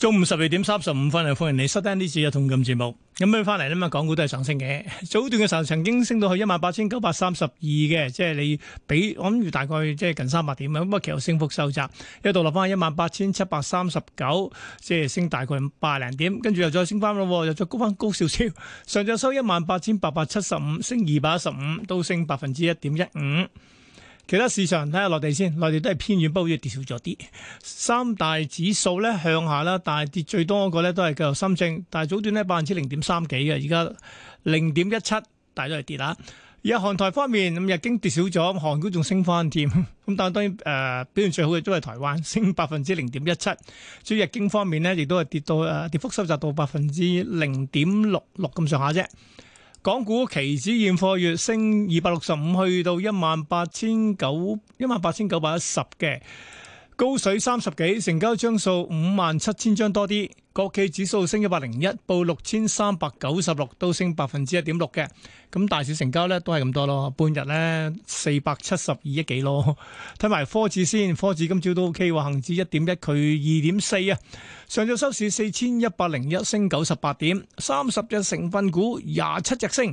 中午十二點三十五分，歡迎你收聽呢次嘅《同感節目》咁樣翻嚟啦。咁啊，港股都係上升嘅，早段嘅時候曾經升到去一萬八千九百三十二嘅，即係你比我諗住大概即係近三百點啊。咁啊，其實升幅收窄，一度落翻一萬八千七百三十九，即係升大概八零點，跟住又再升翻咯，又再高翻高少少，上晝收一萬八千八百七十五，升二百一十五，都升百分之一點一五。其他市場睇下落地先，內地都係偏軟，不過好似跌少咗啲。三大指數咧向下啦，但係跌最多嗰個咧都係叫做深證，但係早段咧百分之零點三幾嘅，而家零點一七，大都係跌啦。而家韓台方面，咁日經跌少咗，韓股仲升翻添。咁但係當然誒、呃、表現最好嘅都係台灣，升百分之零點一七。所以日經方面咧，亦都係跌到誒跌幅收窄到百分之零點六六咁上下啫。港股期指現貨月升二百六十五，去到一萬八千九一萬八千九百一十嘅。高水三十幾，成交張數五萬七千張多啲。國企指數升一百零一，報六千三百九十六，都升百分之一點六嘅。咁大市成交咧都係咁多咯，半日咧四百七十二億幾咯。睇埋科指先，科指今朝都 O K 喎，恒指一點一，佢二點四啊。上晝收市四千一百零一，升九十八點，三十隻成分股廿七隻升。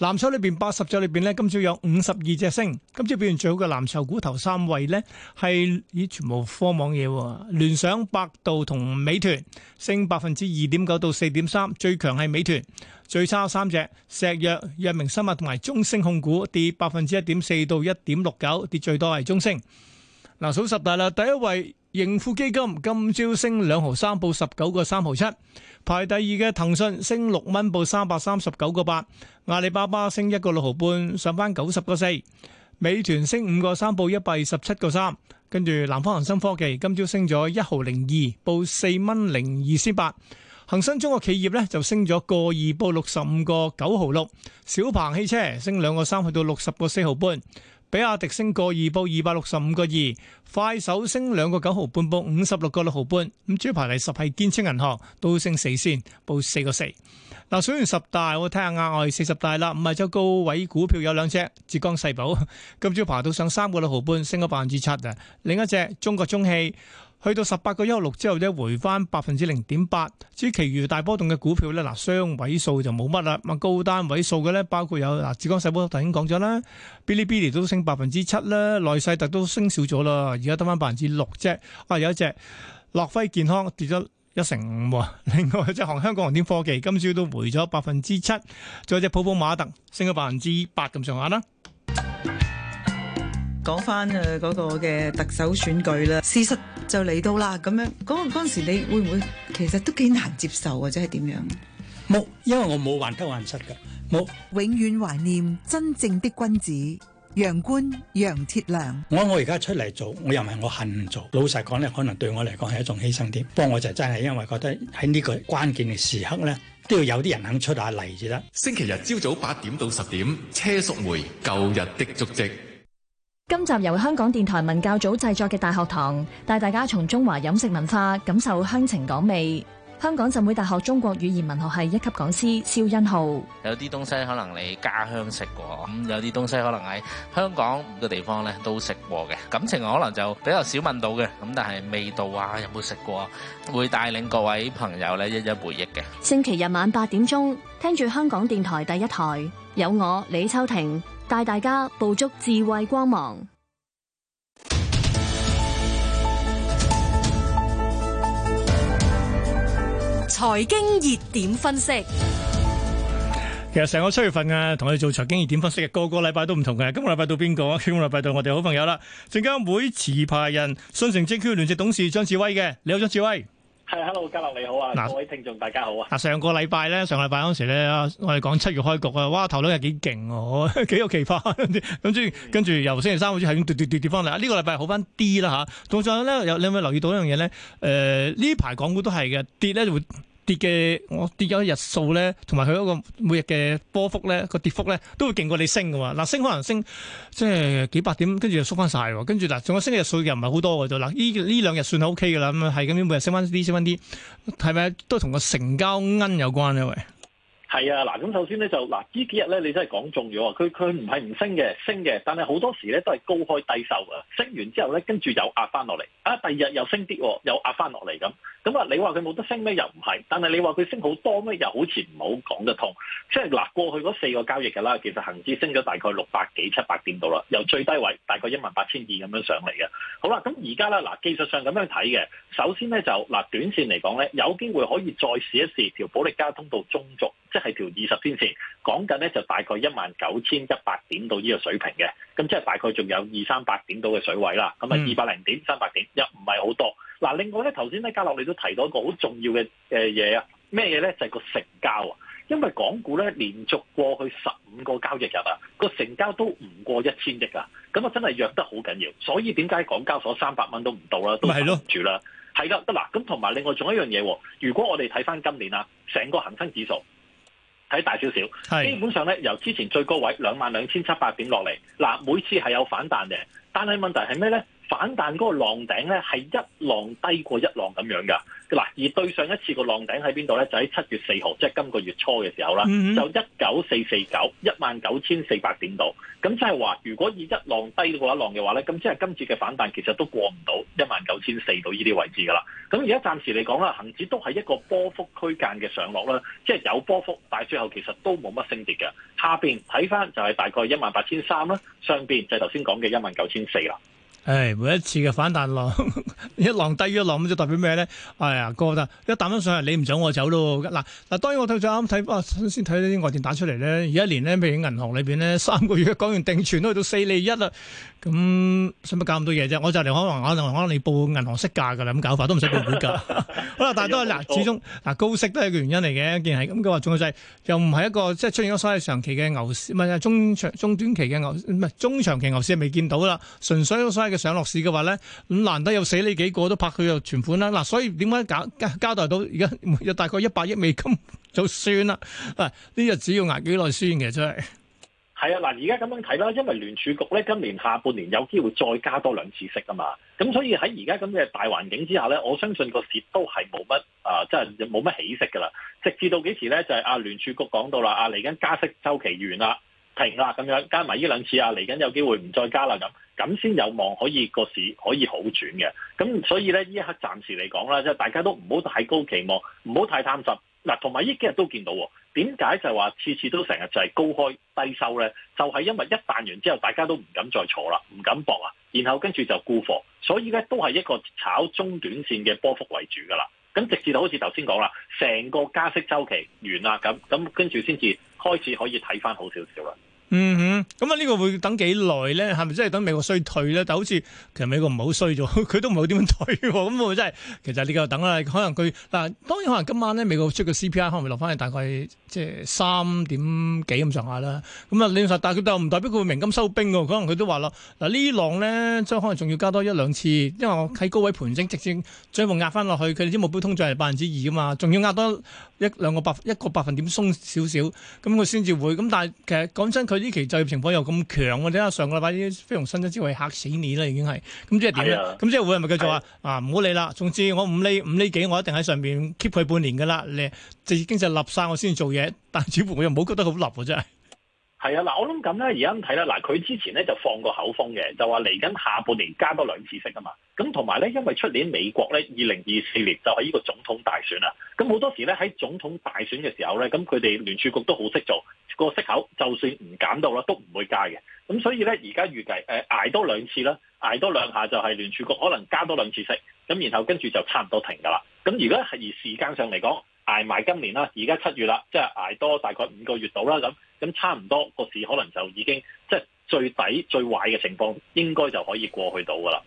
藍籌裏邊八十隻裏邊咧，今朝有五十二隻升，今朝表現最好嘅藍籌股頭三位咧係，咦，全部科網嘢，聯想、百度同美團，升百分之二點九到四點三，最強係美團，最差三隻，石藥、藥明生物同埋中升控股，跌百分之一點四到一點六九，跌最多係中升。嗱，數十大啦，第一位。盈富基金今朝升兩毫三，報十九個三毫七，排第二嘅騰訊升六蚊，報三百三十九個八，阿里巴巴升一個六毫半，上翻九十個四，美團升五個三，報一百二十七個三，跟住南方恒生科技今朝升咗一毫零二，報四蚊零二先八，恒生中國企業咧就升咗個二，報六十五個九毫六，小鵬汽車升兩個三，去到六十個四毫半。比亞迪升個二，報二百六十五個二；快手升兩個九毫半，報五十六個六毫半。咁主要排第十係建設銀行，都升四仙，報四個四。嗱，數完十大，我睇下額外四十大啦。五係周高位股票有兩隻，浙江世寶今朝爬到上三個六毫半，升咗百分之七啊。另一隻中國中氣。去到十八個一六之後，啫回翻百分之零點八。至於其餘大波動嘅股票咧，嗱雙位數就冇乜啦。咁高單位數嘅咧，包括有嗱，浙江世寶頭已講咗啦，嗶哩嗶哩都升百分之七啦，內世特都升少咗啦，而家得翻百分之六啫。啊，有一隻諾輝健康跌咗一成五喎。另外一隻行香港航天科技今朝都回咗百分之七，仲有隻普普馬特升咗百分之八咁上下啦。講翻誒嗰個嘅特首選舉啦，事實就嚟到啦咁樣，嗰嗰陣時你會唔會其實都幾難接受或者係點樣？冇，因為我冇患得患失噶，冇，永遠懷念真正的君子楊官楊鐵良。我我而家出嚟做，我又唔係我恨做，老實講咧，可能對我嚟講係一種犧牲啲。不過我就真係因為覺得喺呢個關鍵嘅時刻咧，都要有啲人肯出下嚟至得。星期日朝早八點到十點，車淑梅舊日的足跡。今集由香港電台文教組製作嘅《大學堂》，帶大家從中華飲食文化感受鄉情港味。香港浸會大學中國語言文學系一級講師蕭欣浩，有啲東西可能你家鄉食過，咁有啲東西可能喺香港嘅地方咧都食過嘅，感情可能就比較少問到嘅，咁但係味道啊，有冇食過，會帶領各位朋友咧一一回憶嘅。星期日晚八點鐘，聽住香港電台第一台，有我李秋婷。帶大家捕捉智慧光芒。財經熱點分析，其實成個七月份啊，同我哋做財經熱點分析嘅，個個禮拜都唔同嘅。今日禮拜到邊個啊？今日禮拜到我哋好朋友啦，證監會持牌人、信誠 JQ 聯席董事張智威嘅，你好，張智威。係，Hello，嘉樂你好啊！嗱，各位聽眾大家好啊！嗱，上個禮拜咧，上個禮拜嗰時咧，我哋講七月開局啊，哇，頭兩日幾勁哦，幾有期望，跟住跟住，嗯、由星期三好似係咁跌跌跌跌翻嚟，呢、這個禮拜好翻啲啦吓。仲有咧，有你有冇留意到一樣嘢咧？誒、呃，呢排港股都係嘅，跌咧會跌嘅我跌咗日數咧，同埋佢嗰個每日嘅波幅咧，個跌幅咧都會勁過你升㗎喎。嗱，升可能升即係幾百點，跟住就縮翻晒喎。跟住嗱，仲有升日數嘅唔係好多嘅啫。嗱，呢呢兩日算係 OK 㗎啦。咁樣係咁樣，每日升翻啲，升翻啲，係咪都同個成交恩有關嘅啊？喂係啊，嗱咁首先咧就嗱呢幾日咧你真係講中咗啊！佢佢唔係唔升嘅，升嘅，但係好多時咧都係高開低收啊！升完之後咧，跟住又壓翻落嚟，啊，第二日又升啲，又壓翻落嚟咁。咁啊，你話佢冇得升咧又唔係，但係你話佢升好多咧又好似唔好講得通。即係嗱，過去嗰四個交易嘅啦，其實恆指升咗大概六百幾七百點度啦，由最低位大概一萬八千二咁樣上嚟嘅。好啦，咁而家咧嗱，技術上咁樣睇嘅，首先咧就嗱短線嚟講咧，有機會可以再試一試條保力加通道中軸，係條二十天線講緊咧，就大概一萬九千一百點到呢個水平嘅，咁即係大概仲有二三百點到嘅水位啦。咁啊，二百零點、三百點，又唔係好多嗱。另外咧，頭先咧，嘉樂你都提到一個好重要嘅誒嘢，啊，咩嘢咧？就係個成交啊，因為港股咧連續過去十五個交易日啊，個成交都唔過一千億啊，咁啊真係弱得好緊要。所以點解港交所三百蚊都唔到啦，都撐唔住啦？係啦，得嗱。咁同埋另外仲一樣嘢，如果我哋睇翻今年啊，成個恒生指數。睇大少少，基本上咧由之前最高位兩萬兩千七百點落嚟，嗱每次係有反彈嘅，但係問題係咩咧？反彈嗰個浪頂咧係一浪低過一浪咁樣噶，嗱而對上一次個浪頂喺邊度咧？就喺七月四號，即係今個月初嘅時候啦，就一九四四九一萬九千四百點度。咁即係話，如果以一浪低過一浪嘅話咧，咁即係今次嘅反彈其實都過唔到一萬九千四到呢啲位置噶啦。咁而家暫時嚟講啦，恆指都係一個波幅區間嘅上落啦，即係有波幅，但係最後其實都冇乜升跌嘅。下邊睇翻就係大概一萬八千三啦，上邊就係頭先講嘅一萬九千四啦。係每一次嘅反彈浪， 一浪低於一浪咁就代表咩咧？哎呀，哥得一啖都上嚟，你唔走我走咯。嗱嗱，當然我睇最啱睇，先睇呢啲外電打出嚟咧。而一年咧，譬如銀行裏邊咧，三個月講完定存都去到四釐一啦。咁使乜搞咁多嘢啫？我就嚟可能，可能可能你報銀行息價噶啦，咁搞法都唔使報匯價。 好啦，但係都係嗱， 始終嗱高息都係一個原因嚟嘅。既然係咁，佢話仲有就係、是、又唔係一個即係出現咗所謂的長期嘅牛市，唔係中長中短期嘅牛，唔係中長期牛市係未見到啦。純粹嘅上落市嘅話咧，咁難得有死你幾個都拍佢又存款啦，嗱、啊，所以點解搞交代到而家有大概一百億美金就算啦？嗱、啊，呢日只要捱幾耐先嘅真係，係、就是、啊，嗱，而家咁樣睇啦，因為聯儲局咧今年下半年有機會再加多兩次息啊嘛，咁所以喺而家咁嘅大環境之下咧，我相信個市都係冇乜啊，即係冇乜起色噶啦，直至到幾時咧？就係阿聯儲局講到啦，阿嚟緊加息周期完啦。停啦，咁樣加埋呢兩次啊，嚟緊有機會唔再加啦咁。咁先有望可以個市可以好轉嘅。咁所以咧呢一刻暫時嚟講啦，即係大家都唔好太高期望，唔好太貪心嗱。同埋呢幾日都見到，點解就係話次次都成日就係高開低收咧？就係因為一彈完之後，大家都唔敢再坐啦，唔敢搏啊，然後跟住就沽貨，所以咧都係一個炒中短線嘅波幅為主噶啦。咁直至到好似頭先講啦，成個加息週期完啦，咁咁跟住先至開始可以睇翻好少少啦。嗯哼，咁啊呢個會等幾耐咧？係咪真係等美國衰退咧？但好似其實美國唔係好衰咗，佢都唔會點樣退，咁啊真係，其實你個等啦。可能佢嗱，當然可能今晚咧，美國出個 CPI 可能會落翻去大概即係三點幾咁上下啦。咁啊，你話但佢又唔代表佢會明金收兵喎？可能佢都話啦嗱呢浪咧將可能仲要加多一兩次，因為我喺高位盤升，直接將佢壓翻落去。佢哋啲目標通脹係百分之二啊嘛，仲要壓多一兩個百分，一個百分點鬆少少，咁佢先至會。咁但係其實講真佢。呢期就業情況又咁強嘅、啊，睇下上個禮拜啲非農新增職位嚇死你啦，已經係咁，即係點咧？咁、yeah. 即係會係咪繼續話、yeah. 啊唔好理啦？總之我五厘五厘幾，我一定喺上邊 keep 佢半年噶啦。你經濟經濟立晒，我先做嘢，但係似乎我又唔好覺得好立嘅真係。係啊，嗱我諗緊咧，而家睇咧，嗱佢之前咧就放過口風嘅，就話嚟緊下半年加多兩次息啊嘛。咁同埋咧，因為出年美國咧二零二四年就係呢個總統大選啊，咁好多時咧喺總統大選嘅時候咧，咁佢哋聯儲局都好識做個息口，就算唔減到啦，都唔會加嘅。咁所以咧，而家預計誒、呃、捱多兩次啦，捱多兩下就係聯儲局可能加多兩次息，咁然後跟住就差唔多停㗎啦。咁而家係而時間上嚟講。捱埋今年啦，而家七月啦，即係捱多大概五個月到啦咁，咁差唔多個市可能就已經即係最底最壞嘅情況應該就可以過去到噶啦。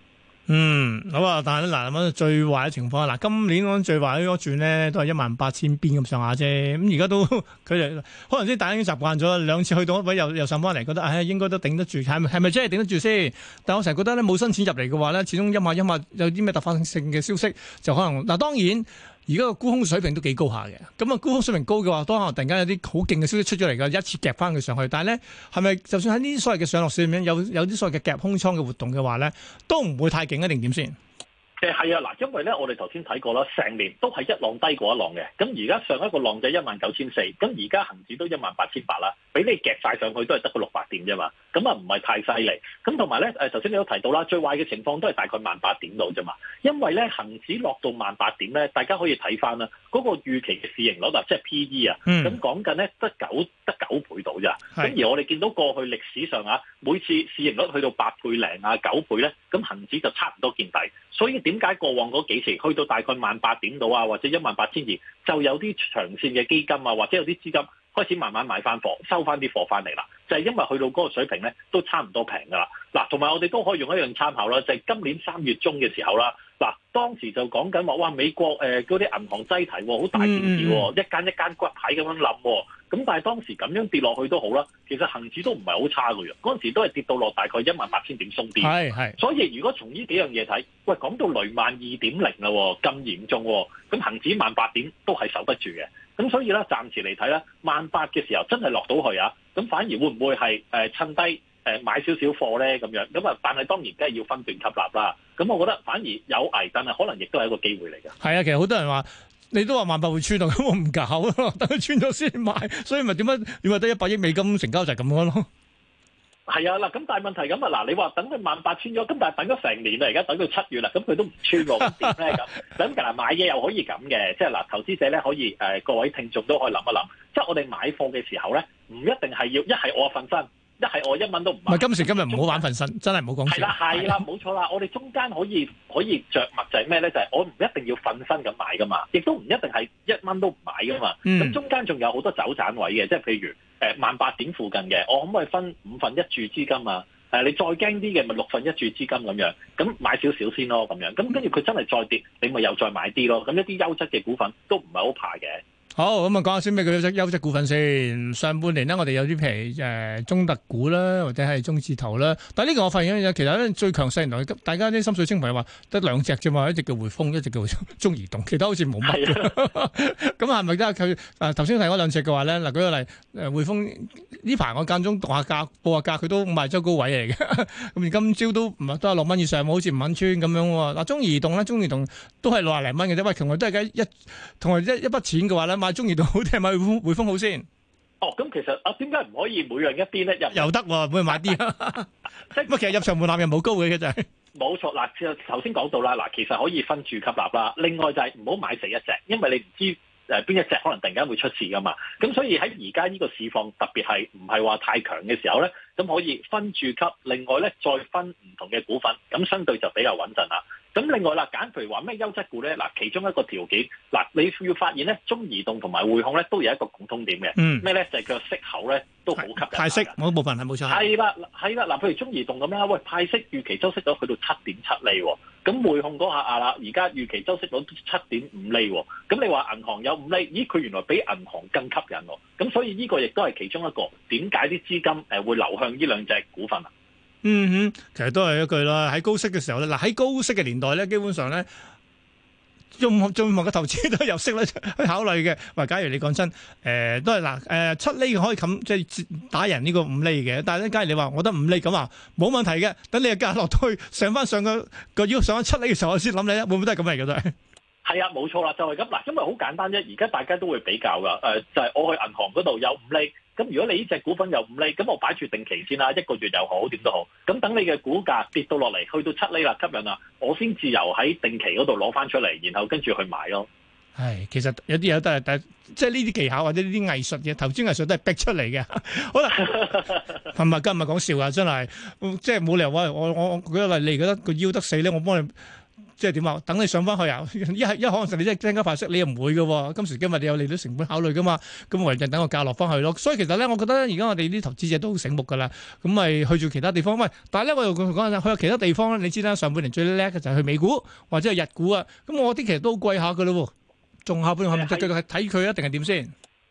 嗯，好啊，但係嗱，最壞嘅情況嗱，今年講最壞嗰轉呢，都係一萬八千邊咁上下啫。咁而家都佢哋可能啲大家已經習慣咗，兩次去到一位又又上翻嚟，覺得唉、哎、應該都頂得住，係係咪真係頂得住先？但我成日覺得呢，冇新錢入嚟嘅話呢，始終一萬一萬有啲咩突發性嘅消息就可能嗱，當然。而家個沽空水平都幾高下嘅，咁啊沽空水平高嘅話，當下突然間有啲好勁嘅消息出咗嚟，噶一次夾翻佢上去，但係咧，係咪就算喺呢啲所謂嘅上落市入面有有啲所謂嘅夾空倉嘅活動嘅話咧，都唔會太勁啊？定點先？誒係啊嗱，因為咧，我哋頭先睇過啦，成年都係一浪低過一浪嘅。咁而家上一個浪就一萬九千四，咁而家恒指都一萬八千八啦，俾你夾晒上去都係得個六百點啫嘛。咁啊，唔係太犀利。咁同埋咧，誒頭先你都提到啦，最壞嘅情況都係大概萬八點到啫嘛。因為咧，恒指落到萬八點咧，大家可以睇翻啦，嗰個預期嘅市盈率啊，即係 P E 啊，嗯，咁講緊咧得九得九倍到咋。咁而我哋見到過去歷史上啊，每次市盈率去到八倍零啊九倍咧，咁恒指就差唔多見底。所以點解過往嗰幾時去到大概萬八點到啊，或者一萬八千二，就有啲長線嘅基金啊，或者有啲資金開始慢慢買翻貨，收翻啲貨翻嚟啦，就係因為去到嗰個水平咧，都差唔多平噶啦。嗱，同埋我哋都可以用一樣參考啦，就係今年三月中嘅時候啦。嗱，當時就講緊話，哇，美國誒嗰啲銀行擠提，好大件事，一間一間骨牌咁樣冧。咁但係當時咁樣跌落去都好啦，其實恆指都唔係好差嘅，嗰陣時都係跌到落大概一萬八千點鬆啲，係係，所以如果從呢幾樣嘢睇，喂，講到雷曼二點零啦，咁嚴重，咁恆指萬八點都係守不住嘅。咁所以咧，暫時嚟睇咧，萬八嘅時候真係落到去啊，咁反而會唔會係趁低誒買少少貨咧咁樣？咁啊，但係當然梗係要分段吸納啦。咁我覺得反而有危，但係可能亦都係一個機會嚟嘅。係啊，其實好多人話。你都話萬八會穿到，咁我唔搞啊。等佢穿咗先買，所以咪點解？你話得一百億美金成交就係咁樣咯？係啊，嗱，咁但係問題咁啊，嗱，你話等佢萬八穿咗，咁但係等咗成年啦，而家等到七月啦，咁佢都唔穿喎，點咧咁？咁嗱，買嘢又可以咁嘅，即係嗱，投資者咧可以誒，各位聽眾都可以諗一諗，即係我哋買貨嘅時候咧，唔一定係要一係我瞓身。一係我一蚊都唔買。今時今日唔好玩瞓身，真係唔好講錢。係啦，係啦，冇錯啦。我哋中間可以可以著墨就係咩咧？就係、是、我唔一定要瞓身咁買噶嘛，亦都唔一定係一蚊都唔買噶嘛。咁、嗯、中間仲有好多走盞位嘅，即係譬如誒萬八點附近嘅，我可唔可以分五份一注資金啊？誒、啊，你再驚啲嘅咪六份一注資金咁樣，咁買少少先咯咁樣。咁跟住佢真係再跌，你咪又再買啲咯。咁一啲優質嘅股份都唔係好怕嘅。好咁啊，講下先咩叫優優質股份先。上半年呢，我哋有啲譬如誒、呃、中特股啦，或者係中字頭啦。但係呢個我發現咧，其實咧最強勢同大家啲心水清朋友話得兩隻啫嘛，一隻叫匯豐，一隻叫中移動。其他好似冇乜。咁係咪咧？佢誒頭先提嗰兩隻嘅話呢，嗱舉個例誒匯豐呢排我間中讀下價報下價，佢都唔係周高位嚟嘅。咁 而今朝都唔係，都係六蚊以上，好似唔肯穿咁樣。嗱、啊、中移動呢，中移動都係六十零蚊嘅啫。喂，同佢都係一，同埋一一筆錢嘅話呢。買中意到好定係買匯豐好先？哦，咁其實啊，點解唔可以每樣一邊咧？又又得喎，每人買啲、啊。即 係 其實入場門檻又冇高嘅啫。冇 錯，嗱，頭先講到啦，嗱，其實可以分住吸納啦。另外就係唔好買死一隻，因為你唔知。誒邊一隻可能突然間會出事㗎嘛？咁所以喺而家呢個市況特別係唔係話太強嘅時候咧，咁可以分注吸，另外咧再分唔同嘅股份，咁相對就比較穩陣啦。咁另外啦，揀譬如話咩優質股咧，嗱其中一個條件嗱，你要發現咧，中移動同埋匯控咧都有一個共通點嘅，咩、嗯、咧就係、是、佢個息口咧都好吸引，派息嗰部分係冇錯，係啦係啦嗱，譬如中移動咁啦，喂派息預期收息到去到七點七厘喎、哦。咁匯控嗰下啊啦，而家預期周息率都七點五厘、哦，咁你話銀行有五厘，咦佢原來比銀行更吸引喎、哦，咁所以呢個亦都係其中一個點解啲資金誒會流向呢兩隻股份啊。嗯哼，其實都係一句啦，喺高息嘅時候咧，嗱喺高息嘅年代咧，基本上咧。做做埋嘅投資都有識咧去考慮嘅。喂，假如你講真，誒、呃、都係嗱，誒、呃、七厘可以冚，即係打人呢個五厘嘅。但係咧，假如你話我得五厘咁啊，冇問題嘅。等你又跌落去上翻上個個腰上咗七厘嘅時候，我先諗你咧，會唔會都係咁嚟嘅都係啊，冇錯啦，就係咁嗱，因為好簡單啫，而家大家都會比較噶，誒、呃，就係、是、我去銀行嗰度有五厘，咁如果你呢隻股份有五厘，咁我擺住定期先啦，一個月又好，點都好，咁等你嘅股價跌到落嚟，去到七厘啦，吸引啦，我先自由喺定期嗰度攞翻出嚟，然後跟住去買咯。係，其實有啲嘢都係、就是， 即係呢啲技巧或者呢啲藝術嘅投資藝術都係逼出嚟嘅。好啦，唔係，唔係講笑呀，真係，即係冇理由話我我舉例，你覺得個腰得死咧，我幫你。即係點啊？等你上翻去啊！一係一可能你你，你即係增加派息，你又唔會嘅喎、啊。今時今日你有利率成本考慮嘅嘛？咁唯陣等個價落翻去咯。所以其實咧，我覺得咧，而家我哋啲投資者都好醒目㗎啦。咁咪去住其他地方喂？但係咧，我又講下先，去其他地方咧，你知啦，上半年最叻嘅就係去美股或者係日股啊。咁我啲其實都貴一下嘅咯喎，仲下半年係咪繼續係睇佢一定係點先？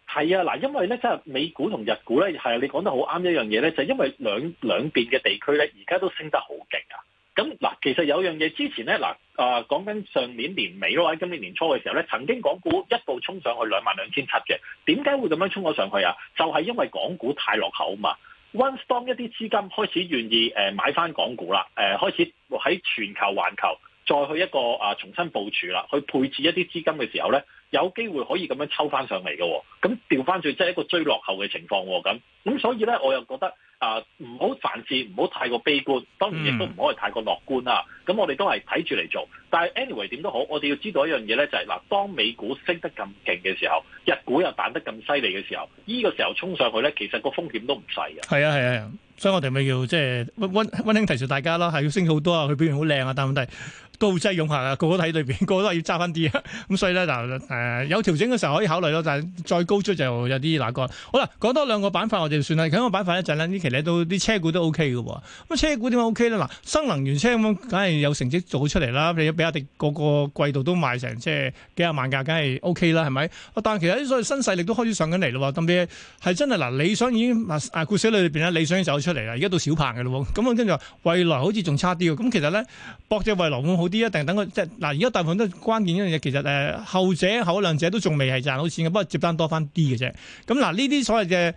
係啊，嗱，因為咧，真係美股同日股咧，係啊，你講得好啱一樣嘢咧，就係、因為兩兩邊嘅地區咧，而家都升得好勁啊！咁嗱，其實有樣嘢之前咧，嗱啊，講緊上年年尾或者今年年初嘅時候咧，曾經港股一步衝上去兩萬兩千七嘅，點解會咁樣衝咗上去啊？就係、是、因為港股太落後啊嘛。One 當一啲資金開始願意誒買翻港股啦，誒開始喺全球環球再去一個啊重新部署啦，去配置一啲資金嘅時候咧。有機會可以咁樣抽翻上嚟嘅、哦，咁調翻轉即係一個追落後嘅情況咁、哦，咁所以咧我又覺得啊唔好凡事唔好太過悲觀，當然亦都唔可以太過樂觀啦。咁我哋都係睇住嚟做，但係 anyway 點都好，我哋要知道一樣嘢咧就係、是、嗱，當美股升得咁勁嘅時候，日股又彈得咁犀利嘅時候，呢、呢個時候衝上去咧，其實個風險都唔細嘅。係啊係啊，所以我哋咪要即係溫馨提示大家啦，係要升好多它很漂亮呵呵啊，佢表現好靚啊，但問題都好擠擁下嘅，個個睇裏邊，個個都係要揸翻啲啊，咁所以咧嗱。誒、呃，有調整嘅時候可以考慮咯，但係再高出就有啲難講。好啦，講多兩個板塊我就算啦。講個板塊一陣呢，呢期咧都啲車股都 O K 嘅喎。咁啊，車股點解 O K 咧？嗱，新能源車咁梗係有成績做出嚟啦。你睇下，比亞迪個個季度都賣成即係幾廿萬架，梗係 O K 啦，係咪？但係其實啲所以新勢力都開始上緊嚟咯。特別係真係嗱，理想已經啊故事裏邊咧，理想已經走出嚟啦，而家到小鵬嘅咯。咁啊，跟住未來好似仲差啲嘅。咁其實咧，博隻未來會好啲啊？定等佢即係嗱？而家大部分都關鍵一樣嘢，其實誒、呃、後者。嗰兩者都仲未係賺到錢嘅，不過接單多返啲嘅啫。咁嗱，呢啲所謂嘅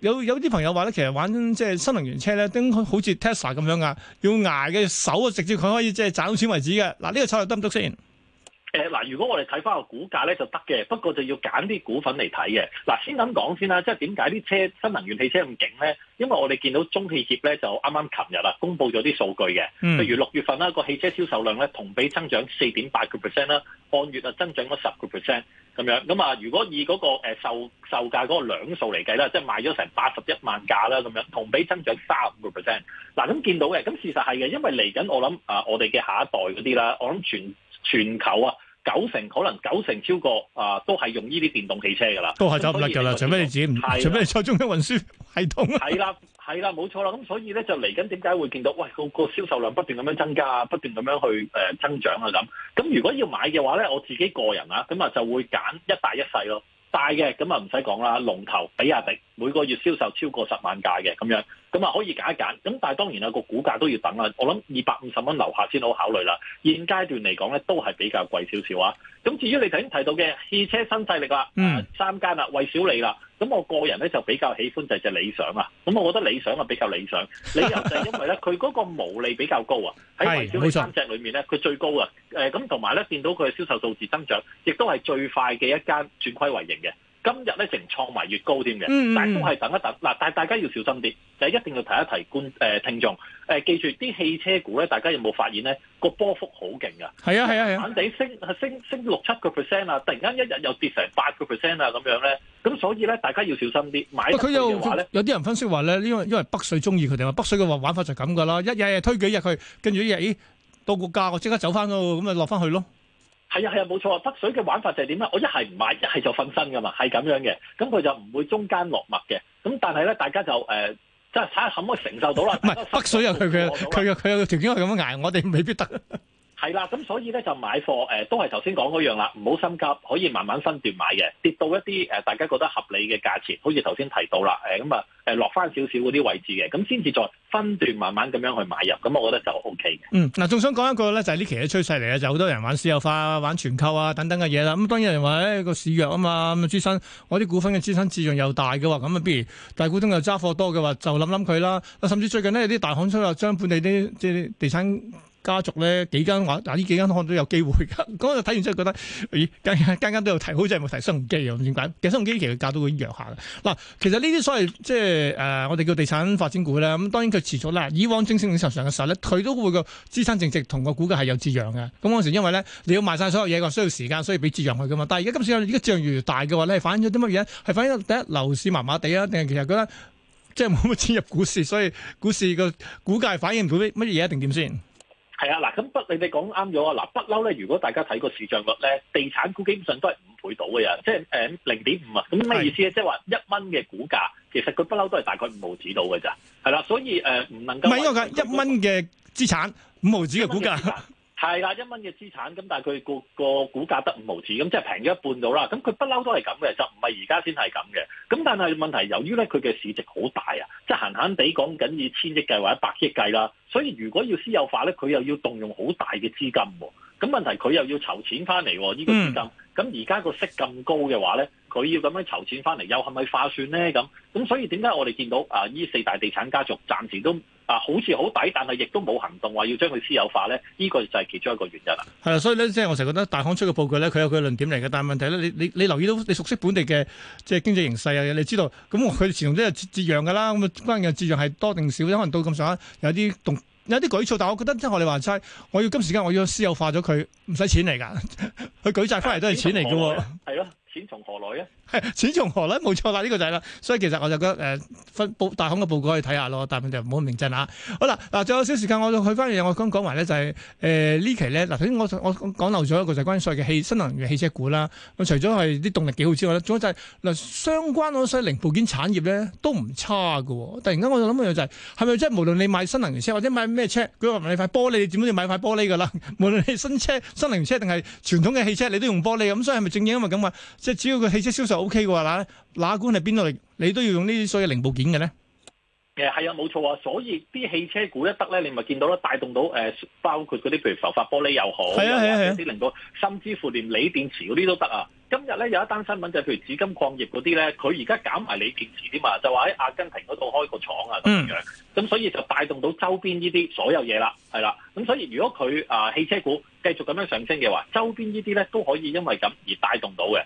有有啲朋友話咧，其實玩即係、就是、新能源車咧，都好似 Tesla 咁樣啊，要捱嘅手啊，直接佢可以即係賺到錢為止嘅。嗱，呢、這個策略得唔得先？誒、呃、嗱，如果我哋睇翻個股價咧，就得嘅。不過就要揀啲股份嚟睇嘅。嗱，先咁講先啦。即係點解啲車新能源汽車咁勁咧？因為我哋見到中汽協咧就啱啱琴日啊，公布咗啲數據嘅。譬、嗯、如六月份啦，個汽車銷售量咧同比增長四點八個 percent 啦，按月啊增長咗十個 percent 咁樣。咁啊，如果以嗰個售售價嗰個兩數嚟計啦，即係賣咗成八十一萬架啦，咁樣同比增長三十五個 percent。嗱，咁見到嘅，咁事實係嘅，因為嚟緊我諗啊，我哋嘅下一代嗰啲啦，我諗全。全球啊，九成可能九成超過啊，都係用呢啲電動汽車噶啦。都係走唔甩噶啦，除非你自己唔，除非你坐中央運輸系統啊。係啦，係啦，冇錯啦。咁所以咧就嚟緊，點解會見到？喂，個個銷售量不斷咁樣增加啊，不斷咁樣去誒增長啊咁。咁如果要買嘅話咧，我自己個人啊，咁啊就會揀一大一細咯。大嘅咁啊唔使講啦，龍頭比亞迪每個月銷售超過十萬架嘅咁樣。咁啊，可以揀一揀，咁但係當然啊，個股價都要等啦。我諗二百五十蚊樓下先好考慮啦。現階段嚟講咧，都係比較貴少少啊。咁至於你頭先提到嘅汽車新勢力啦，三間啦，蔚小理啦，咁我個人咧就比較喜歡就係隻理想啊。咁我覺得理想啊比較理想，理由就係因為咧佢嗰個毛利比較高啊，喺 蔚小理三隻裏面咧，佢最高啊。咁同埋咧，見到佢嘅銷售數字增長，亦都係最快嘅一間轉虧為盈嘅。今日咧成創埋越高添嘅，但係都係等一等嗱，但大家要小心啲，就一定要提一提觀誒、呃、聽眾、呃、記住啲汽車股咧，大家有冇發現咧、個波幅好勁嘅？係啊係啊，猛、啊啊啊、地升升升六七個 percent 啊，6, 突然間一日又跌成八個 percent 啊，咁樣咧，咁所以咧大家要小心啲買話。佢又，有啲人分析話咧，因為因為北水中意佢哋嘛，北水嘅話玩法就咁噶啦，一日日推幾日佢，跟住一日咦到個價，我即刻走翻咯，咁咪落翻去咯。係啊，係啊，冇錯，北水嘅玩法就係點咧？我一係唔買，一係就瞓身㗎嘛，係咁樣嘅。咁佢就唔會中間落墨嘅。咁但係咧，大家就誒，即係睇下可唔可以承受到啦。唔係北水啊，佢佢佢佢有，佢佢有佢條件去咁樣，樣捱，我哋未必得。 係啦，咁所以咧就買貨都係頭先講嗰樣啦，唔好心急，可以慢慢分段買嘅，跌到一啲大家覺得合理嘅價錢，好似頭先提到啦，咁啊落翻少少嗰啲位置嘅，咁先至再分段慢慢咁樣去買入，咁我覺得就 O K 嘅。嗯，嗱，仲想講一個咧，就係呢期嘅趨勢嚟嘅，就好多人玩私有化、玩全購啊等等嘅嘢啦。咁當然人話誒、哎個市弱啊嘛，咁資生我啲股份嘅資生資重又大嘅話咁啊，不如大股東又揸貨多嘅話，就諗諗佢啦。甚至最近呢，有啲大行出嚟將本地啲即係地產。家族咧幾間話，嗱、啊、呢幾間都可能都有機會。咁 我睇完之後覺得，咦，間間都有提好有提，似係冇提升機咁。點解？其實升機其實價都會弱下嘅。嗱，其實呢啲所謂即係誒、呃，我哋叫地產發展股咧。咁當然佢持續咧，以往正升市上嘅時候咧，佢都會個資產淨值同個股價係有折讓嘅。咁嗰時因為咧，你要賣晒所有嘢，個需要時間，所以俾折讓去嘅嘛。但係而家今次而家折讓越嚟越大嘅話咧，反映咗啲乜嘢？係反映第一，第一樓市麻麻地啊，定係其實覺得即係冇乜錢入股市，所以股市個股價反映唔到啲乜嘢一定點先？係啊，嗱，咁不你哋講啱咗啊，嗱，不嬲咧，如果大家睇個市賬率咧，地產股基本上都係五倍到嘅人，即係誒零點五啊，咁咩意思咧？即係話一蚊嘅股價，其實佢不嬲都係大概五毫子到嘅咋，係啦，所以誒唔能夠唔係因為佢一蚊嘅資產，五毫子嘅股價。 係啦，一蚊嘅資產咁，但係佢個個股價得五毫紙，咁即係平咗一半到啦。咁佢不嬲都係咁嘅，就唔係而家先係咁嘅。咁但係問題由於咧佢嘅市值好大啊，即係閒閒地講緊以千億計或者百億計啦。所以如果要私有化咧，佢又要動用好大嘅資金喎。咁問題佢又要籌錢翻嚟喎，呢個資金。咁而家個息咁高嘅話咧？佢要咁樣籌錢翻嚟，又係咪化算咧？咁咁，所以點解我哋見到啊？呢四大地產家族暫時都啊，好似好抵，但係亦都冇行動話要將佢私有化咧？呢個就係其中一個原因啦。係啊，所以咧，即係我成日覺得大行出嘅報告咧，佢有佢嘅論點嚟嘅。但係問題咧，你你你留意到，你熟悉本地嘅即係經濟形勢啊？你知道咁，佢前度都係節節揚噶啦。咁關鍵係節揚係多定少，可能到咁上下有啲動，有啲舉措。但係我覺得即係我哋話齋，我要今時間我要私有化咗佢，唔使錢嚟㗎。佢 舉債翻嚟都係錢嚟㗎喎。係、啊、咯。錢從何來啊？ 錢從何來冇錯啦，呢、呢個就係啦。所以其實我就覺得誒分報大行嘅報告去睇下咯，但係就唔好咁認真啦、啊。好啦，嗱，仲有少時間我，我去翻嘢，我剛講埋咧就係誒呢期咧嗱，頭先我我講漏咗一個就係關於所謂嘅汽新能源汽車股啦。我除咗係啲動力幾好之外咧，仲有就係、是、嗱，相關我所零部件產業咧都唔差嘅、哦。突然間我就諗一就係係咪即係無論你買新能源車或者買咩車，佢話買塊玻璃，你點都要買塊玻璃噶啦。無論係新車、新能源車定係傳統嘅汽車，你都用玻璃咁，所以係咪正正因為咁啊？即係只要佢汽車銷售。O K 嘅話，嗱，哪官係邊度嚟？你都要用呢啲所有零部件嘅咧。誒係啊，冇錯啊，所以啲汽車股一得咧，你咪見到啦，帶動到誒，包括嗰啲譬如浮法玻璃又好，係啊係啊，啲能夠，甚至乎連鋰電池嗰啲都得啊。今日咧有一單新聞就係譬如紫金礦業嗰啲咧，佢而家搞埋鋰電池添嘛，就話喺阿根廷嗰度開個廠啊咁、嗯、樣。咁所以就帶動到周邊呢啲所有嘢啦，係啦。咁所以如果佢啊汽車股繼續咁樣上升嘅話，周邊呢啲咧都可以因為咁而帶動到嘅。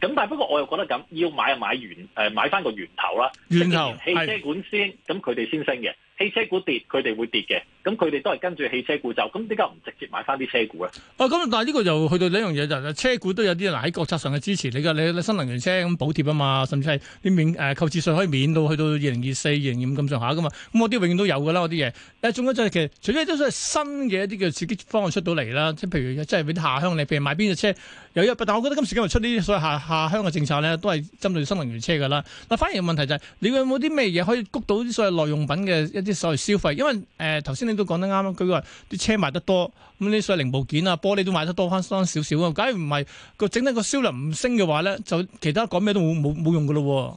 咁但係不過我又覺得咁，要買就買源，誒買翻個源頭啦。源頭汽車股先，咁佢哋先升嘅。汽車股跌，佢哋會跌嘅。咁佢哋都係跟住汽車股走。咁點解唔直接買翻啲車股咧？啊、哦，咁但係呢個就去到呢樣嘢就係車股都有啲嗱喺國策上嘅支持你嘅，你新能源車咁補貼啊嘛，甚至係啲免誒購置稅可以免到去到二零二四二零二五咁上下嘅嘛。咁我啲永遠都有嘅啦，我啲嘢。誒，仲有就係其實除咗都係新嘅一啲叫刺激方案出到嚟啦，即係譬如即係嗰啲下鄉，你譬如買邊隻車。有入，但係我覺得今時今日出呢啲所謂下下鄉嘅政策咧，都係針對新能源車噶啦。但反而問題就係、是、你有冇啲咩嘢可以谷到啲所謂耐用品嘅一啲所謂消費？因為誒，頭、呃、先你都講得啱，佢話啲車賣得多，咁啲所謂零部件啊、玻璃都賣得多翻少少啊。假如唔係個整體個銷量唔升嘅話咧，就其他講咩都冇冇冇用噶咯。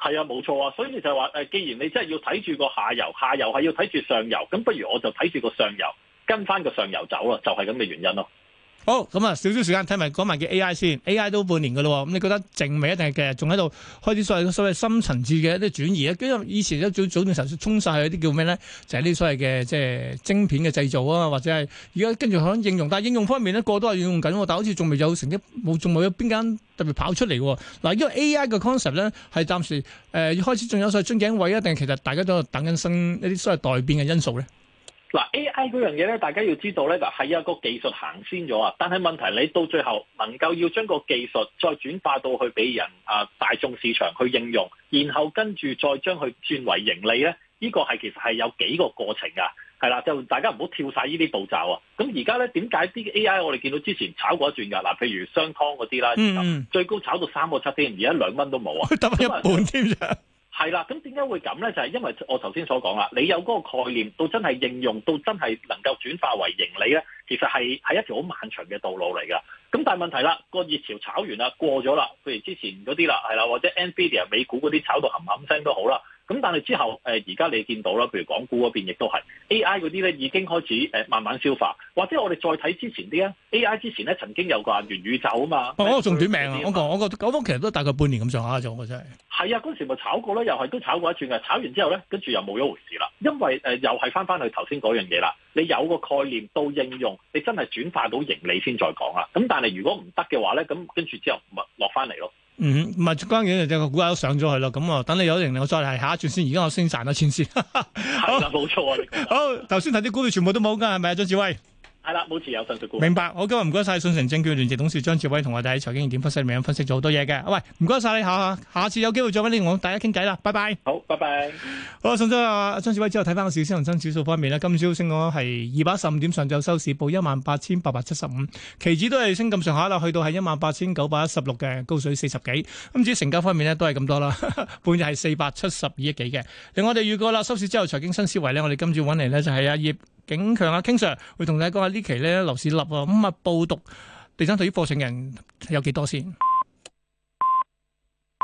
係啊，冇錯啊，啊。所以你就係話誒，既然你真係要睇住個下游，下游係要睇住上游，咁不如我就睇住個上游，跟翻個上游走囉，就係咁嘅原因咯、啊。好，咁啊少少時間睇埋講埋嘅 A.I. 先，A.I. 都半年喇咯，咁你覺得靜未一定係，嘅，仲喺度開始所所謂深層次嘅一啲轉移啊？因為以前一早早段時候衝晒去一啲叫咩咧，就係、是、呢所謂嘅即係晶片嘅製造啊，或者係而家跟住響應用，但係應用方面咧過多係應用緊喎，但係好似仲未有成績，冇仲冇有邊間特別跑出嚟喎？嗱，因為 A.I. 嘅 concept 咧係暫時誒、呃、開始仲有所謂樽頸位啊，定係其實大家都等緊新一啲所謂代變嘅因素咧？嗱 AI 嗰樣嘢咧，大家要知道咧，嗱係有個技術行先咗啊！但係問題，你到最後能夠要將個技術再轉化到去俾人啊大眾市場去應用，然後跟住再將佢轉為盈利咧，呢個係其實係有幾個過程噶，係啦，就大家唔好跳曬呢啲步驟啊！咁而家咧點解啲 AI 我哋見到之前炒過一轉㗎？嗱，譬如商湯嗰啲啦，最高炒到三個七添，而家兩蚊都冇啊，跌一半添。 係啦，咁點解會咁咧？就係因為我頭先所講啦，你有嗰個概念到真係應用到真係能夠轉化為盈利咧，其實係係一條好漫長嘅道路嚟噶。咁但係問題啦，個熱潮炒完啦，過咗啦，譬如之前嗰啲啦，係啦，或者 Nvidia 美股嗰啲炒到冚冚聲都好啦。咁但係之後，誒而家你見到啦，譬如港股嗰邊亦都係 A.I. 嗰啲咧已經開始、呃、慢慢消化，或者我哋再睇之前啲啊 A.I. 之前咧曾經有個元宇宙啊嘛，哦、啊，仲短命啊！我覺得我覺九方其實都大概半年咁上下咗，我真係係啊！嗰時咪炒過咯，又係都炒過一轉嘅，炒完之後咧，跟住又冇一回事啦。因為、呃、又係翻翻去頭先嗰樣嘢啦，你有個概念到應用，你真係轉化到盈利先再講啊。咁但係如果唔得嘅話咧，咁跟住之後咪落翻嚟咯。嗯，唔係，關鍵就個股價都上咗去咯。咁我等你有盈利，我再係下一轉先。而家我先賺咗錢先，係啦，冇錯。好，頭先睇啲股票全部都冇㗎，係咪啊，張智威？係啦，保持有信息明白，我今日唔該晒信誠證券聯席董事張智威同我哋喺財經熱點分析裏面分析咗好多嘢嘅。喂、啊，唔該晒你下下次有機會再搵你和我大家傾偈啦，拜拜。好，拜拜。好，信咗阿張智威之後，睇翻個市先，恒生指數方面呢，今朝升咗係二百一十五點，上晝收市報一萬八千八百七十五，期指都係升咁上下啦，去到係一萬八千九百一十六嘅高水四十幾。今朝成交方面呢，都係咁多啦，半日係四百七十二億幾嘅。另外，我哋預告啦，收市之後財經新思維呢，我哋今朝揾嚟呢，就係阿葉。警強啊，King Sir 會同你講下呢期咧樓市立啊，咁、嗯、啊報讀地產投資課程嘅人有幾多先？